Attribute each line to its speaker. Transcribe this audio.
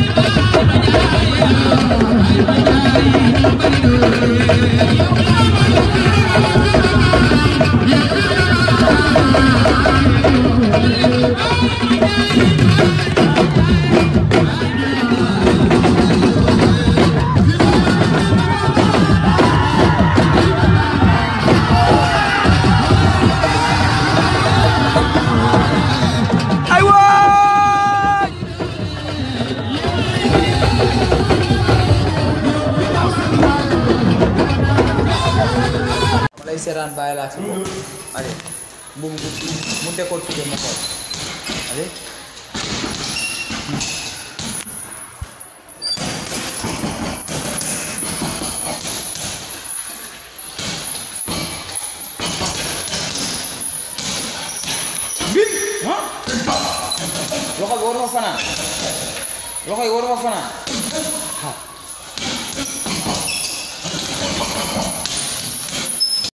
Speaker 1: Thank you.
Speaker 2: seetaan bàyyi laa si bopp allez mu mu décor fii ma xool allez
Speaker 3: loxo bi waruma fanaan loxo yi waruma fanaan